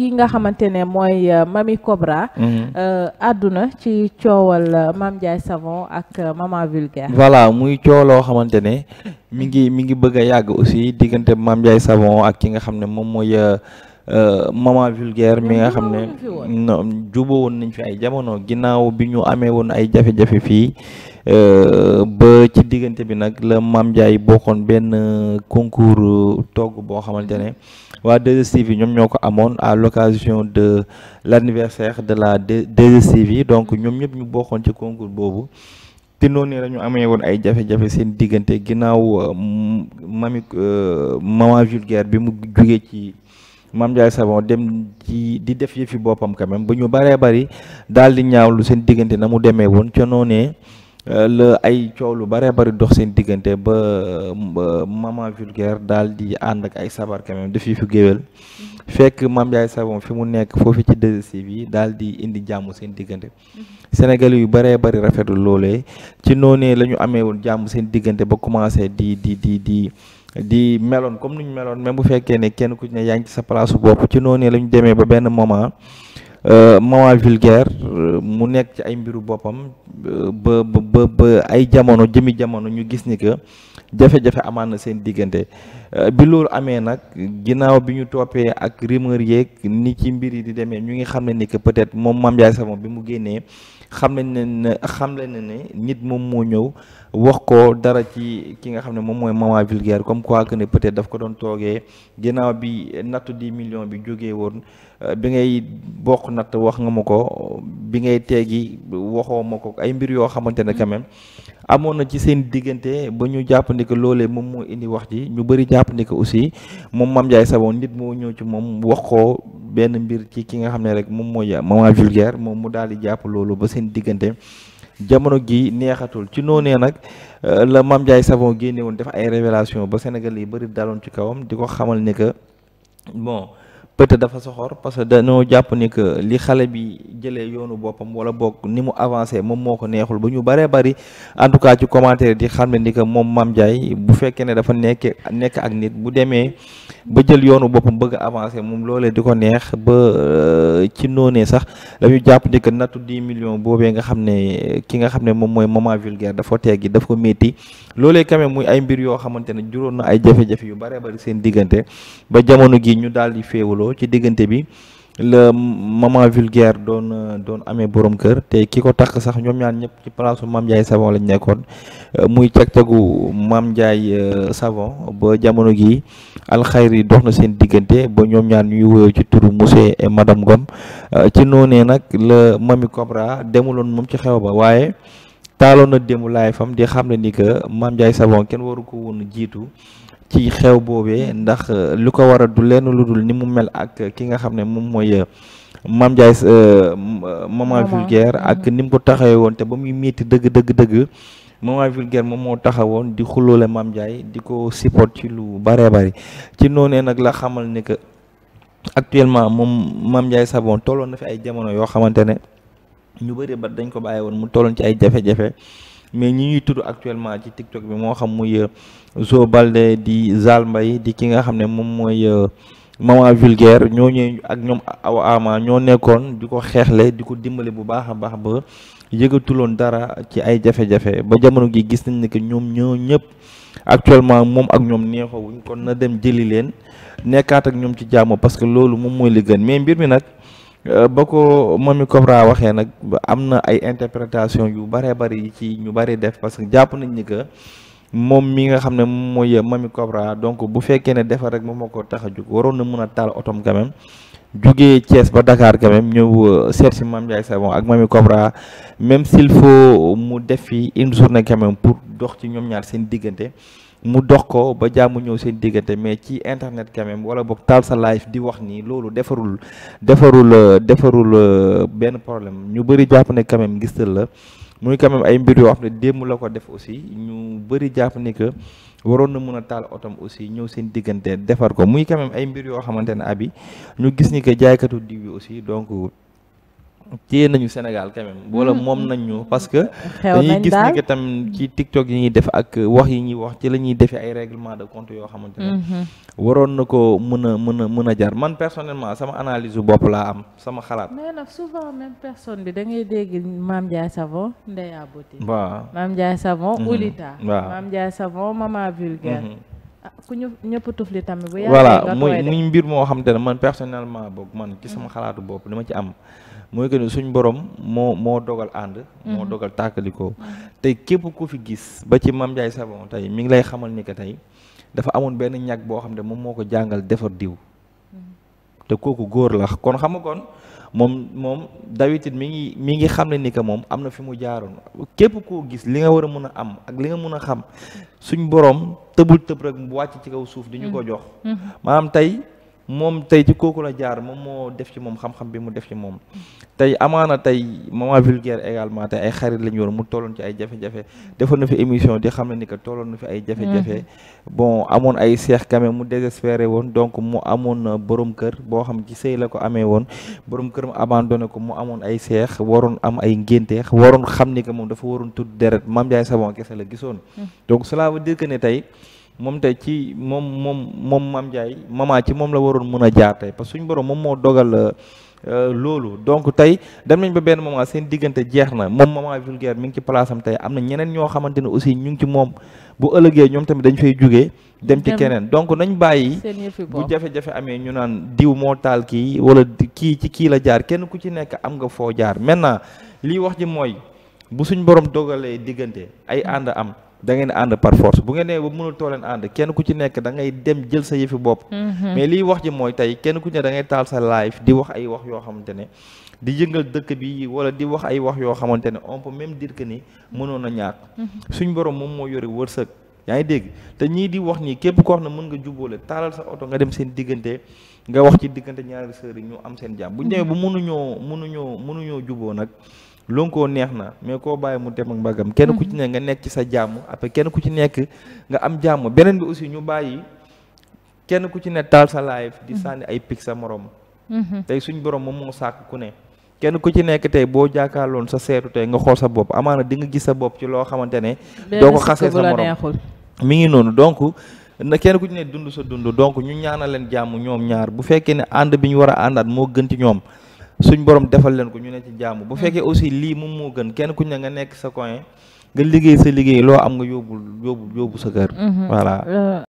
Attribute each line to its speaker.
Speaker 1: kii nga xamante ne mooy euh, mami Cobra. Mhm. Euh, àdduna ci coowal euh, Mame Ndiaye Savon ak Maman Vulgaire. voilà muy coow loo xamante ne mi ngi mi ngi bëgg a yàgg aussi diggante Mame Ndiaye Savon ak ki nga xam ne moom mooy. Uh, maman vulgaire mi nga xam ne no juboo woon nañ fi ay jamono ginnaaw bi ñu amee woon ay jafe-jafe fii uh, ba ci diggante bi nag la Mame Ndiaye bokkoon benn uh, concours togg boo xamante ne mhm. waa 2STV ñoom ñoo ko amoon à l'occasion de l'anniversaire de la 2STV donc ñoom ñëpp ñu bokkoon ci concours boobu te noonu la ñu amee woon ay jafe-jafe seen diggante ginnaaw euh, mami euh, maman vulgaire bi mu jugee ci mam Ndiaye Savon dem ci di def yëfi boppam quand même ba ñu baree bari daal di ñaawlu seen diggante na mu demee woon ca noonee la ay coow lu bare bari dox seen diggante ba maman vulgaire daal di ànd ak ay sabar quand même fi géwél mm-hmm. fekk Mame Ndiaye Savon fi mu nekk foofu ci 2STV bi daal di indi jàmm seen diggante mm-hmm. Sénégal yu bare bari rafetul loole ci noonee la ñu amee woon jàmm seen diggante ba commencé di di di di di meloon comme ni ñu meloon même bu fekkee ne kenn ku ne yaa sa place su bopp ci noonee la ñu demee ba benn moment. Euh, mawa vulgaire euh, mu nekk ci ay mbiru boppam euh, ba ba ba ay jamono jëmi jamono ñu gis ni que jafe-jafe amaan na seen diggante bi loolu amee nag ginnaaw bi ñu toppee ak rumeur yeeg ni ci mbir yi di demee ñu ngi xam ne ni que peut-être moom mam Ndiaye Savon bi mu génnee xam nañ ne xam nañ ne nit moom moo ñëw wax ko dara ci ki nga xam ne moom mooy maman vulgaire comme quoi que ne peut-être daf ko doon toogee ginnaaw bi nattu di million bi jógee woon euh, bi ngay bokk natt wax nga ma ko bi ngay teegi waxoo ma ko ay mbir yoo xamante ne quand amoon na ci seen diggante ba ñu jàpp ni que moom moo indi wax ji ñu bëri jàpp aussi moom Mame Ndiaye Savon nit moo ñëw ci moom wax ko benn mbir ci ki nga xam ne rek moom mooy maman vulgaire moom mu daal di jàpp diggante jamono gi neexatul ci noonee nag euh, la Mame Ndiaye Savon génne woon def ay révélation ba Sénégal yi bëri daloon ci kawam di ko xamal ni que bon peut-être dafa soxor parce que dañoo jàpp ni que li xale bi jëlee yoonu boppam wala boog ni mu avancé moom moo ko neexul ba ñu bëree bari en tout cas ci commentaire di xam ne ni que moom Mame Ndiaye bu fekkee ne dafa nekk nekk ak nit bu demee ba jël yoonu boppam bëgg a avancé moom loolee di ko neex ba euh, ci noonee sax dañu jàpp ni que nattu 10 boobee nga xam ne ki nga xam ne moom mooy moment vulgaire dafa teggi daf ko métti loolee quand muy ay mbir yoo xamante ne juróon na ay jafe-jafe yu bëree bëri seen diggante ba jamono gi ñu daal di ci diggante bi la maman vulgaire doon doon amee boroom kër te ki ko takk sax ñoom ñaar ñëpp ci palaasu Mame Ndiaye Savon lañ nekkoon euh, muy cag-cagu Mame Ndiaye euh, Savon ba jamono gi alxayri dox na seen diggante ba ñoom ñaan ñuy woyoo ci turu monsieur et madame euh, ci noonee nag la Mamy Cobra demuloon moom ci xew ba waaye taaloon na demulaay fam di xam ne ni que Mame Ndiaye Savon kenn waru ko woon jiitu ci xew boobee ndax euh, lu ko war a du lenn lu dul ni mu mel ak ki nga xam ne moom mooy euh, Mame Ndiaye euh, maman vulgaire mm-hmm. ak ni mu ko taxawee woon te ba muy metti dëgg dëgg dëgg maman vulgaire moom moo taxawoon di xuloole Mame Ndiaye di ko support ci lu bare bari ci noonee nag la xamal ni que actuellement moom Mame sabon tolloon na fi ay jamono yoo xamante ne ñu bëri ba dañ ko bàyyi woon mu tolloon ci ay jafe-jafe mais ñi ñuy tudd actuellement ci TikTok bi moo xam muy Zo euh, Balde di Zal Mbaye di ki nga xam ne moom mooy euh, maman vulgaire ñooñu ak ñoom aw ama ñoo nekkoon di ko xeexle di ko dimbale bu baax a baax ba yëgatuloon dara ci ay jafe-jafe ba jamono gi gis nañ ne que ñoom ñoo ñëpp actuellement moom ak ñoom neexawuñ kon na dem jëli leen nekkaat ak ñoom ci jàmm parce que loolu moom mooy li mais mbir mi nag. Euh, ba ko Mamy Cobra waxee nag am na ay interprétation yu bëree bëri ci ñu bëri def parce que jàpp nañ ni que moom mi nga xam ne mooy mami Cobra donc bu fekkee ne defar rek moom moo ko tax a jóg waroon na mën a taal otom quand même jugee ba dakaar quand ñëw euh, seet si Mame Ndiaye Savon ak Mamy Cobra même s'il faut mu def fi une journée quand pour dox ci ñoom ñaar seen diggante mu dox ko ba jàmm ñëw seen diggante mais ci internet quand même wala boog taal sa live di wax nii loolu defarul defarul defarul euh, benn problème ñu bëri jàpp ne quand même la muy quand ay mbir yoo xam ne démb la ko def aussi ñu bëri jàpp ni waroon na mun a taal otom aussi ñëw seen diggante defar ko muy quand ay mbir yoo xamante ne abi ñu gis ni que jaaykatu diw yi aussi donc téye nañu Sénégal quand même mm-hmm. moom nañ ñu parce que dañuy gis ni que ci TikTok yi ñuy def ak wax yi ñuy wax ci la ñuy defee ay réglement de compte yoo xamante ne mm-hmm. waroon na ko mën a mën a mën a jar man personnellement sama analyse bu bopp laa am sama xalaat mais nag souvent même personne bi da dégg Mame Ndiaye Savon Ndeya Beauté waaw Mame Ndiaye Savon mm-hmm. Oulita waaw Mame Ndiaye Savon Mama Vulgaire ah ku ñu ñëpp tuf li tamit bu yàlla voilà muy muy mbir moo xam te ne man personnellement boog man ci sama mm. xalaatu bopp dama ci am mooy que ni suñ borom moo moo dogal ànd. moo mhm. dogal tàkkalikoo mhm. tey képp ku fi gis ba ci Mame Ndiaye Savon tey mi ngi lay xamal ni que tey dafa amoon benn ñag boo xam ne moom moo ko jàngal defar diw. Mhm. te kooku góor kon xam moom moom dawitit mi ngi mi ngi xam ne ni que moom am na fi mu jaaroon képp koo gis li nga war a mën a am ak li nga mën a xam suñ borom tëbul tëb rek mu wàcc ci kaw suuf di ñu ko jox maanaam tey moom tey ci kooku la jaar moom moo def ci moom xam-xam bi mu def ci moom tey amaana tey maman vulgaire également ay xarit la ñu woon mu tolloon ci ay jafe-jafe defoon fi émission di xam que tolloon na ay jafe-jafe mm-hmm. bon amoon ay seex quand même mu désespéré woon donc mu amoon na euh, boroom kër boo xam ci sëy la ko amee woon borom kër mu abandonné ko mu amoon ay seex waroon am ay ngénte waroon xam ni que moom dafa waroon tudd deret Mame Ndiaye Savon kese la gisoon mm-hmm. donc cela veut dire que ne tey moom tey ci moom moom moom Mame Ndiaye mama ci moom la waroon mën a jaar tey parce que suñu borom moom moo dogal euh, euh, loolu donc tey dem nañ ba benn moment seen diggante jeex na moom mama vulgaire mi ngi ci place am tey am na ñeneen ñoo xamante ne aussi ñu ngi ci moom bu ëllëgee ñoom tamit dañ fay jógee dem ci keneen donc nañ bàyyi bu jafe-jafe amee ñu naan diw moo taal kii wala kii ci kii la jaar kenn ku ci nekk am nga foo jaar maintenant lii wax ji mooy bu suñ borom dogalee diggante ay ànd am da ngeen ànd par force bu ngeen nee ba mënul too leen ànd kenn ku ci nekk da ngay dem jël sa yëfi bopp. Mm-hmm. mais liy wax ji mooy tey kenn ku ci ne da taal sa live di wax ay wax yoo xamante ne di yëngal dëkk bi wala di wax ay wax yoo xamante ne on peut même dire que ni mënoon a ñàkk. Mm-hmm. suñ borom moom moo yore wërsëg. yaa ngi dégg te ñii di wax nii képp ko wax na mën nga jubóole taalal sa oto nga dem seen diggante nga wax ci diggante ñaari sœur yi ñu am seen jàmm. bu ñu demee ba mënuñoo mënuñoo mënuñoo juboo nag. Lonko neex na mais koo bàyyi mu dem ak mbagam kenn ku ci mm-hmm. ne nga nekk ci sa jàmm après kenn ku ci nekk nga am jàmm beneen bi aussi ñu bàyyi kenn ku ci ne taal sa live mm-hmm. ay pic sa morom mm-hmm. tey suñ borom moom moo sàkk ku ne kenn ku ci nekk tey boo jàkkaarloon sa seetu tey nga xool sa bopp amaana di nga gis sa bopp ci loo xamante ne doo ko xasee sa morom mi ngi noonu donc na kenn ku ci ne dund sa dund donc ñu ñaanal leen jàmm ñoom ñaar bu fekkee ne ànd bi ñu war a àndaat moo gën ci ñoom suñ borom defal leen ko ñu ne ci jaamu bu mm. fekkee aussi lii moom moo gën kenn ku ne nga nekk sa coin nga liggéey sa liggéey loo am nga yóbbul yóbbu yóbbu sa kër mm-hmm. voilà euh,